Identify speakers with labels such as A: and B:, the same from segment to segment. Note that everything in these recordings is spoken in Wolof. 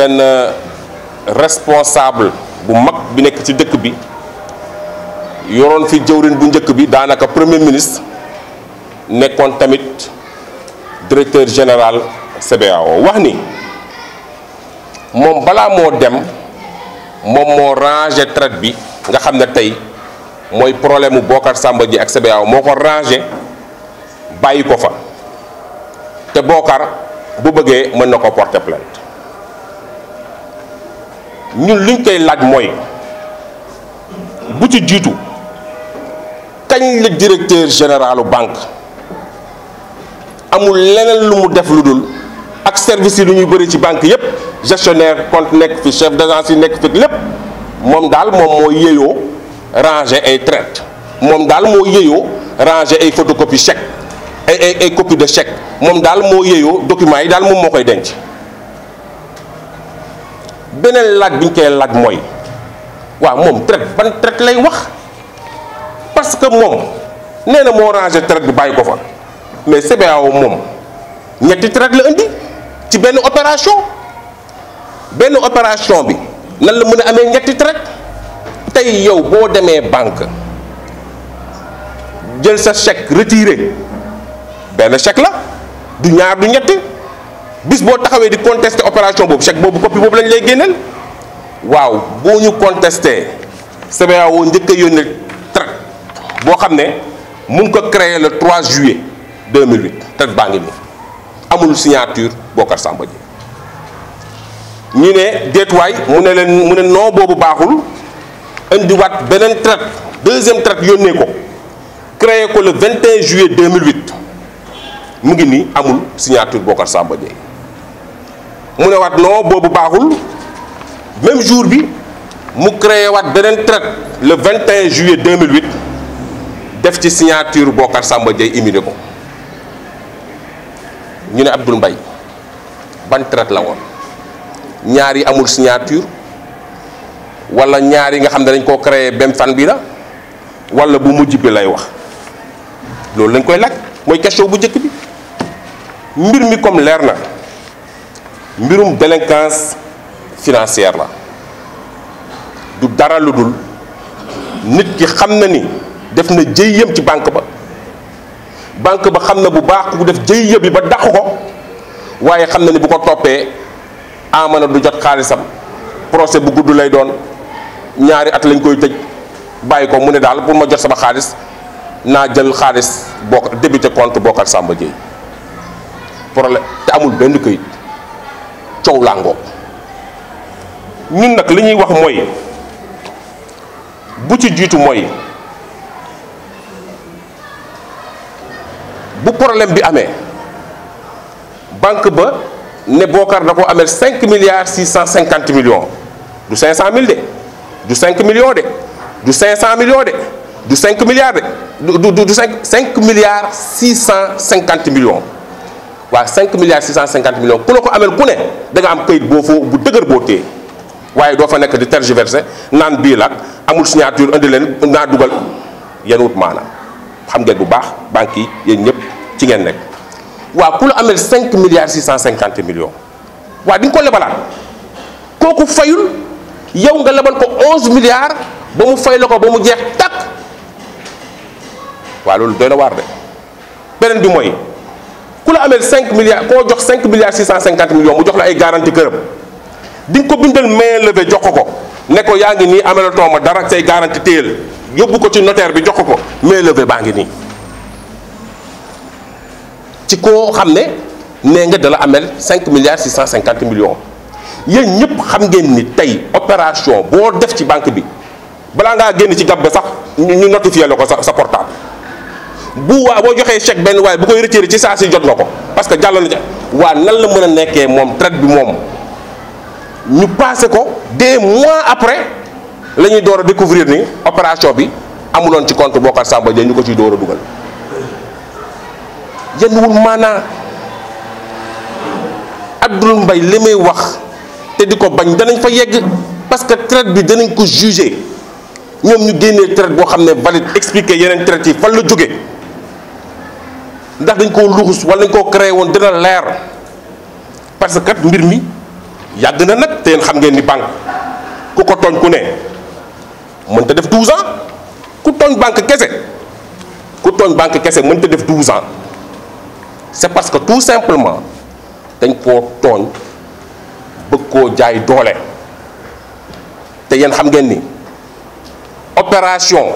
A: ben euh, responsable bu mag bi nek ci dëkk bi yoron fi jëwrin bu njëkk bi danaka premier ministre nekkon tamit directeur général CBAO wax ni moom balaa moo dem mom mo ranger traite bi nga xamne tay moy problème bokar Samba ji ak CBAO moko ranger bayiko fa te bokar bu bëggee mën na ko porter plainte ñun luñ koy laaj mooy bu ci jiitu kañ la directeur généralu banque amul leneen lu mu def lu dul ak service yi lu ñuy bëri ci banque yépp gestionnaire compte nekk fi chef d'agence yi nekk fi lépp moom daal moom moo yeyoo ranger ay traite moom daal moo yeyoo ranger ay photocopie chèque ay ay copie de chèque moom daal moo yeyoo document yi daal moom moo koy denc beneen laaj bi ñu koy laaj mooy waaw moom traite ban traite lay wax parce que moom nee na moo rangé traite bi bàyyi ko fa mais CBAO moom ñetti traite la indi ci benn opération benn opération bi lan la mën a amee ñetti traite tey yow boo demee banque jël sa chèque retiré benn chèque la du ñaar du ñetti bis bo taxawé di contester opération vous chèque bobu copie lañ lay ñu contester le 3 juillet 2008 traite baangi amul signature Samba mu mu deuxième traite ko créé le 21 juillet 2008 mu ngi signature de Samba mu ne non même jour bi mu créé wat traite le 21 juillet 2008 def ci signature Samba ko ñu ne Mbaye ban traite la woon ñaar amul signature wala ñaar nga xam dañ koo créé fan bi la wala bu mujj bi lay wax loolu lañ koy laaj question comme leer mbirum délinquance financière la du dara lu nit ki xamna ni def na jëyyam ci banque ba banque ba xamna bu baax ku def jëyya bi ba dakh ko waye xamna ni bu ko topé amana du jot xalisam procès bu gudd lay doon ñaari at lañ koy tëj bayiko mu ne dal pour ma jot sama xaalis na jël xaalis bok débuter compte bokal samba jéy problème té amul benn coow làngoo ñun nag li ñuy wax mooy bu ci jiitu mooy bu problème bi amee banque ba ne Bocar da ko amee cinq milliards six cent millions du cinq mille de du cinq millions de du cinq millions de du cinq milliards de du du du milliards six millions waaye 5 milliards 650 millions ku la ko ameel ku ne da nga am kayit boo foo bu dëgër boo téye waaye doo fa nekk di tergiverser naan bii laag amul signature indi leen naa dugal yan wut maanaam xam ngeen bu baax banques yi yéen ñëpp ci ngeen nekk waaw ku la amel 5 milliards 650 millions waaw di nga ko lebalaat kooku fayul yow nga lebal ko 11 milliards ba mu fay la ko ba mu jeex takk waa loolu doy na waar de beneen bi mooy. ku la ameel 5 milliards ko jox 5 milliards 650 millions mu jox la ay garantie këram ding ko bindal main levée jox ko ko ne ko yaangi ni nii amelatoo dara say garantie téyel yobbu ko ci notaire bi jox ko ko main levée bangi ni ci ko xamne ne nga dala amel 5 milliards 650 millions yéen ñep xam ngeen ni tay opération bo def ci banque bi bala nga genn ci gab sax ñu notifié la ko sa portable. bu waa boo joxee chèque benn waaye bu koy retiré ci saa si jot nga ko parce que jàll na waa nan la mën a nekkee moom traite bi moom ñu passé ko des mois après la ñuy door a découvrir ni opération bi amuloon ci compte Bocar Samba Dièye ñu ko ciy door a dugal yenn wul maanaa Abdoul Mbaye li may wax te di ko bañ danañ fa yegg parce que traite bi danañ ko juger ñoom ñu génnee trait boo xam ne valide expliquer yeneen traite yi fan la jóge ndax dañ koo luxus wala dañ koo créé woon dina leer parce que kat mbir mi yàgg na nag te yéen xam ngeen ni banque ku ko tooñ ku ne mën mënta def 12 ans ku tooñ banque kese ku tooñ banque kese mënta def 12 ans c'est parce que tout simplement dañ koo tooñ bëgg koo jaay doole te yéen xam ngeen ni opération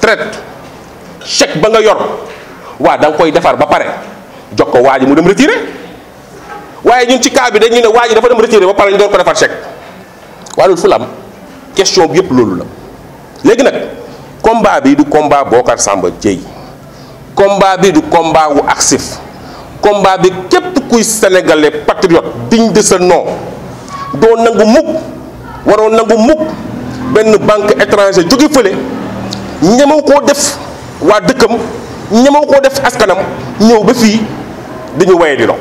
A: traite chèque ba nga yor. waa danga koy defar ba pare jox ko waa mu dem retiré waaye ñun ci cas bi dañuy ne waa ji dafa dem retiré ba pare ñu doon ko defar chèque waaye loolu fu la am question bi yëpp loolu la léegi nag combat bi du combat Bocar Samba Dièye combat bi du combat wu ACSIF combat bi képp kuy sénégalais patriote digne de ce nom doo nangu mukk waroo nangu mukk benn banque étrangère jóge fële ñemew koo def waa dëkkam ñemoo ko def askanam ñëw ba fi dañu waye di loo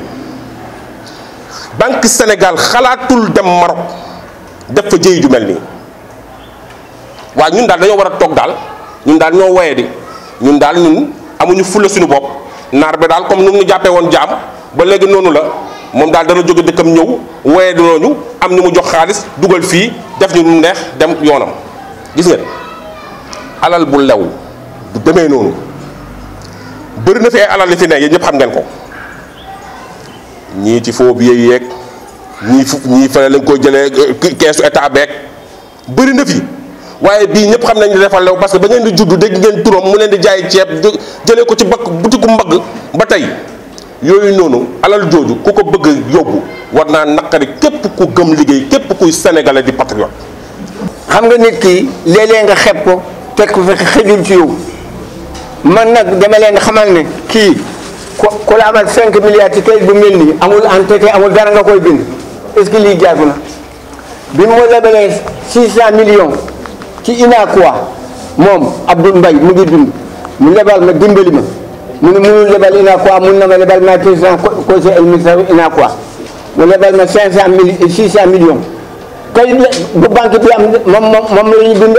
A: banque Sénégal xalaatul dem Maroc def fa jëy ju melni wa ñun dal dañu wara tok dal ñun dal ñoo waye di ñun dal ñun amuñu fulla suñu bop nar be dal comme nu jappé won jam ba légui nonu la mom dal dana joggé dëkkam ñëw waye di nooñu am ñu mu jox xaaliss duggal fi def ñu neex dem yoonam gis ngeen alal bu lew du démé nonu bëri na fi ay alal li fi ne yéen ñëpp xam ngeen ko ñii ci faux billets yeeg ñii fu ñii fële lañ koy jëlee keesu état beeg bëri na fi waaye bii ñëpp xam nañ ne dafa lew parce que ba ngeen di juddu dégg ngeen turam mu leen di jaay ceeb jëlee ko ci bakk butiku mbagg ba tey yooyu noonu alal jooju ku ko bëgg yóbbu war naa naqari képp ku gëm liggéey képp kuy sénégalais di patriote.
B: xam nga nit ki léeg nga xeeb ko teg ko fekk xëjul ci yow. man nag dama leen xamal ne kii ku ku la amal 5 milliards ci kayit bu mel nii amul entêté amul dara nga koy bind est-ce que lii jaadu na bi mu lebalee 600 millions ci UNACOIS moom Abdou Mbaye mu ngi dund mu lebal ma dimbali ma mu ne mënul lebal UNACOIS mun na ma lebal ma président conseil administratif UNACOIS mu lebal ma 500 mille 600 millions kayit la bu banque bi am moom moom moom la ñu bind.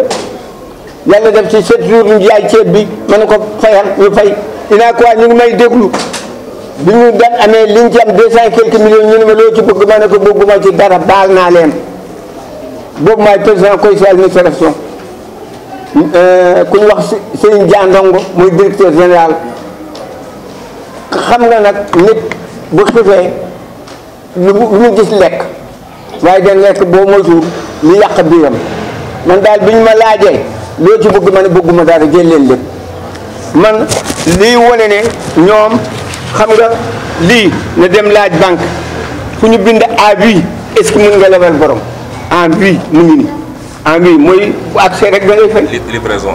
B: yàlla def ci sept jours ñu jaay ceeb bi ma ne ko fayal ñu fay dinaa ko ñu ngi may déglu bi ñu da amee li ci am deux cent quelques millions ñu ne ma loo ci bëgg ma ne ko bëgguma ci dara baal naa leen boobu maay président conseil d'administration euh, ku ñu wax si Dia Ndongo muy directeur général xam nga nag nit bu xifee lu gis lekk waaye dañ lekk boo moytuwul li yàq biiram man daal bi ñu ma laajee loo ci bëgg ma ne bëgguma dara jël leen man lii wane ne ñoom xam nga lii na dem laaj banque fu ñu bind avis est-ce nga lebal borom avis mu ngi nii mooy bu accès rek da ngay fay. livraison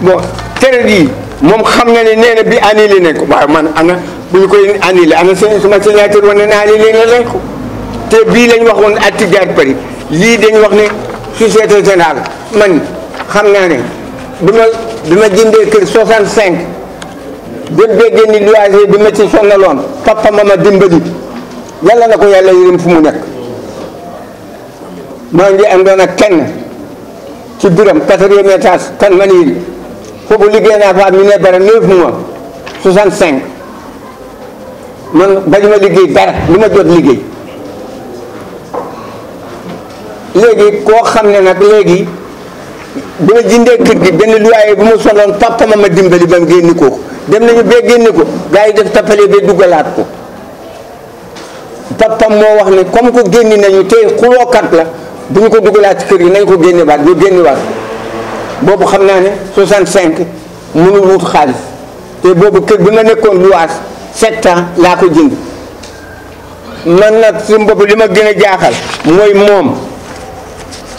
B: bon traite yi moom xam na ne nee na bi annulé nañ ko waaye man ana bu ñu koy annulé ana seen suma signature na ne annulé nañ ko te bii lañ waxoon atti pari lii dañ wax ne. ci seeta général man xam naa ne bi ma bi ma jëndee kër 65 jël béggéen ni loyer bi ci sonnaloon papa ma ma dimbali yàlla na ko yàlla yërëm fu mu nekk maa ngi àndoon ak kenn ci biram quatrième étage kan man yi foofu liggéey naa fa mi ne dara neuf mois 65 man bañ liggéey dara li ma jot liggéey léegi koo xam ne nag léegi bu ma jëndee kër gi benn luwaay bu ma soloon papa ma ma dimbali ba mu génn ko dem nañu bee génn ko gaa yi def tappale ba duggalaat ko papam moo wax ne comme ko génni nañu tey xulookat la bu ñu ko duggalaat ci kër gi nañ ko génne baat ñu génne waat boobu xam naa ne 65 mënul wut xaalis te boobu kër bi ma nekkoon luwaas 7 ans laa ko jënd man nag su boobu li ma gën a jaaxal mooy moom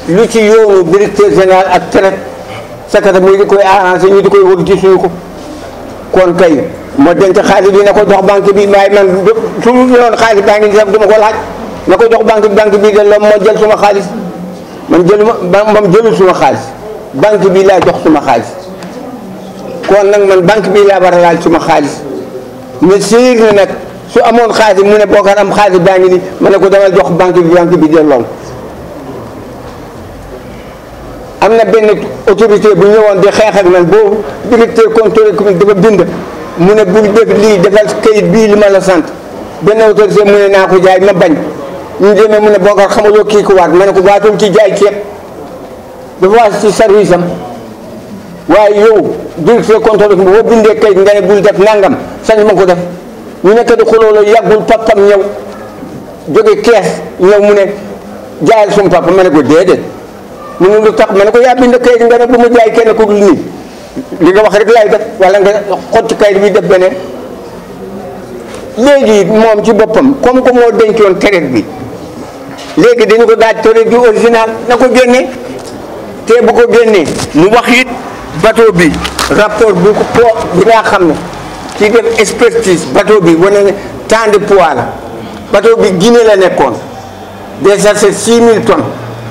B: lu ci yoonu directeur général ak traite secrétaire muy di koy arrangé ñu di koy wër gisuñu ko kon kay ma denc xaalis bi na ko dox banque bi waaye man su ñu doon xaalis baa ngi nii sax du ma ko laaj na ko jox banque bi banque bi de loolu ma jël suma xaalis man jëluma moom jëlul suma xaalis banque bi laa jox suma xaalis kon nag man banque bi laa war a laaj suma xaalis mais séer na nag su amoon xaalis mu ne boo ko am xaalis baa ngi nii ma ne ko jox banque bi banque bi de am na benn autorité bu ñëwoon di xeex ak man boobu directeur contrôle public dafa bind mu ne bul def lii defal kayit bii li ma la sant benn autorité mu ne naa ko jaay ma bañ ñu demee mu ne bookar kii ku waat ma ne ko waatul ci jaay ceeb dafa waat ci service am waaye yow directeur contrôle public boo bindee kayit nga ne bul def nangam sañ ma ko def ñu nekk di xuloo la yàggul papam ñëw jóge kees ñëw mu ne jaayal suñu papa ma ne ko déedéet nu ne lu tax ma ne ko yaa bind kayit nga ne bu mu jaay kenn ku dul nii li nga wax rek lay def wala nga xotti kayit bi def beneen léegi moom ci boppam comme que moo dencoon tereet bi léegi dañu ko daaj tereet bi original na ko génne te bu ko génnee mu wax it bateau bi rapport bu ko bi nga xam ne ci def expertise bateau bi wane ne tant de poids la bateau bi Guinée la nekkoon déjà c'est 6000 tonnes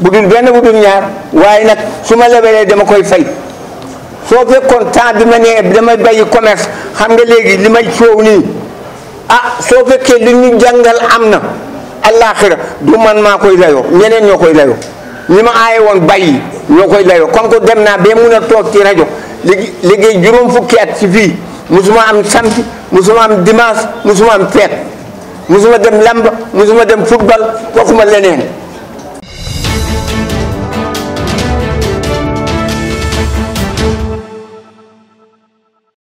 B: bu dul benn bu dul ñaar waaye nag su ma lebelee dama koy fay soo fekkoon temps bi ma nee dama bàyyi commerce xam nga léegi li may coow nii ah soo fekkee li ñu jàngal am na allaaxira du man maa koy layoo ñeneen ñoo koy layoo ñi ma aaye woon bay ñoo koy layoo comme que dem naa bee mun a toog ci rajo léegi léegi juróom fukki at ci fii musuma am samedi musuma am dimanche musuma am feet musuma dem lamba musuma dem football waxuma leneen